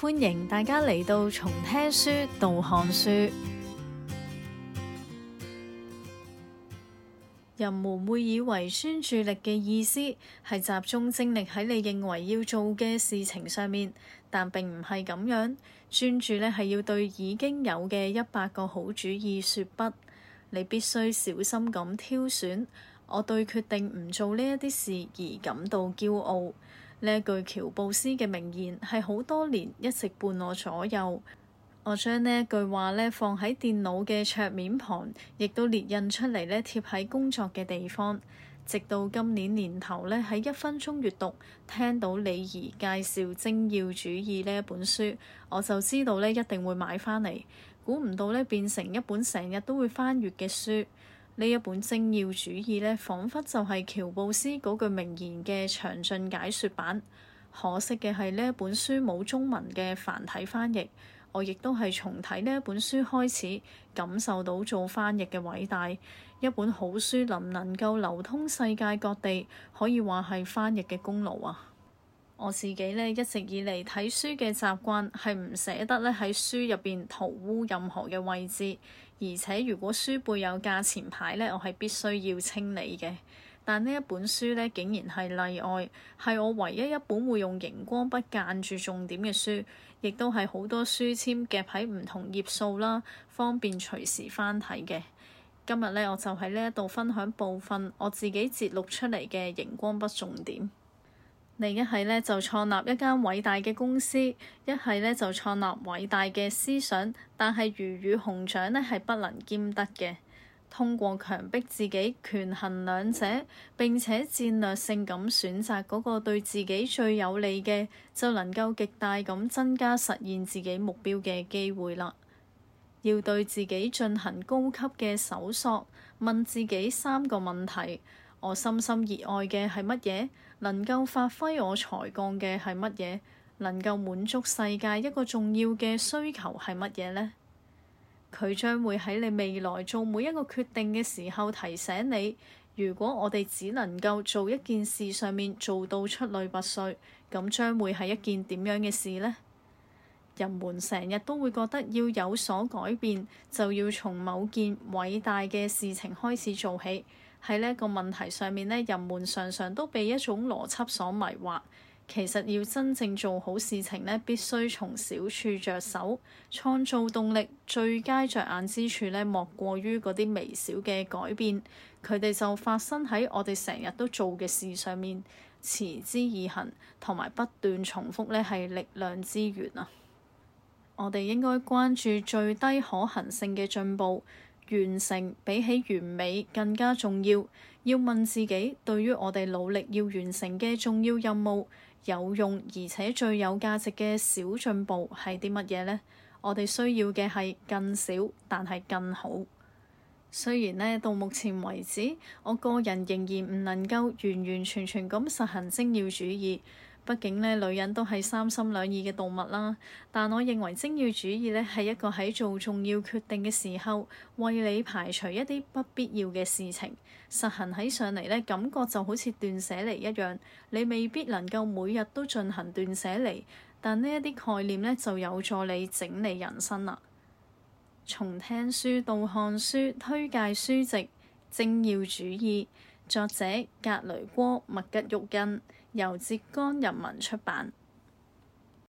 歡迎大家嚟到從聽書到看書。人們會以為專注力嘅意思係集中精力喺你認為要做嘅事情上面，但並唔係咁樣。專注呢係要對已經有嘅一百個好主意說不。你必須小心咁挑選。我對決定唔做呢一啲事而感到驕傲。呢一句喬布斯嘅名言係好多年一直伴我左右。我將呢一句話咧放喺電腦嘅桌面旁，亦都列印出嚟咧貼喺工作嘅地方。直到今年年頭咧，喺一分鐘閲讀聽到李怡介紹精要主義呢一本書，我就知道咧一定會買翻嚟。估唔到咧變成一本成日都會翻閲嘅書。呢一本精要主義呢，仿佛就係喬布斯嗰句名言嘅詳盡解說版。可惜嘅係呢一本書冇中文嘅繁體翻譯，我亦都係從睇呢一本書開始感受到做翻譯嘅偉大。一本好書能唔能夠流通世界各地，可以話，係翻譯嘅功勞啊！我自己咧一直以嚟睇書嘅習慣係唔捨得咧喺書入邊塗污任何嘅位置，而且如果書背有價錢牌咧，我係必須要清理嘅。但呢一本書咧竟然係例外，係我唯一一本會用螢光筆間住重點嘅書，亦都係好多書籤夾喺唔同頁數啦，方便隨時翻睇嘅。今日咧我就喺呢一度分享部分我自己截錄出嚟嘅螢光筆重點。你一係呢，就創立一間偉大嘅公司，一係呢，就創立偉大嘅思想，但係魚與熊掌呢，係不能兼得嘅。通過強迫自己權衡兩者，並且戰略性咁選擇嗰個對自己最有利嘅，就能夠極大咁增加實現自己目標嘅機會啦。要對自己進行高級嘅搜索，問自己三個問題。我深深熱愛嘅係乜嘢？能夠發揮我才幹嘅係乜嘢？能夠滿足世界一個重要嘅需求係乜嘢呢？佢將會喺你未來做每一個決定嘅時候提醒你。如果我哋只能夠做一件事上面做到出類拔萃，咁將會係一件點樣嘅事呢？人們成日都會覺得要有所改變，就要從某件偉大嘅事情開始做起。喺呢個問題上面咧，人們常常都被一種邏輯所迷惑。其實要真正做好事情咧，必須從小處着手，創造動力，最佳着眼之處咧，莫過於嗰啲微小嘅改變。佢哋就發生喺我哋成日都做嘅事上面。持之以恒，同埋不斷重複呢，係力量之源啊！我哋應該關注最低可行性嘅進步，完成比起完美更加重要。要問自己，對於我哋努力要完成嘅重要任務，有用而且最有價值嘅小進步係啲乜嘢呢？我哋需要嘅係更少，但係更好。雖然呢，到目前為止，我個人仍然唔能夠完完全全咁實行精要主義。畢竟咧，女人都係三心兩意嘅動物啦。但我認為精要主義咧，係一個喺做重要決定嘅時候，為你排除一啲不必要嘅事情，實行起上嚟咧，感覺就好似斷捨離一樣。你未必能夠每日都進行斷捨離，但呢一啲概念咧就有助你整理人生啦。從聽書到看書，推介書籍《精要主義》，作者格雷戈麥吉玉根。由浙江人民出版。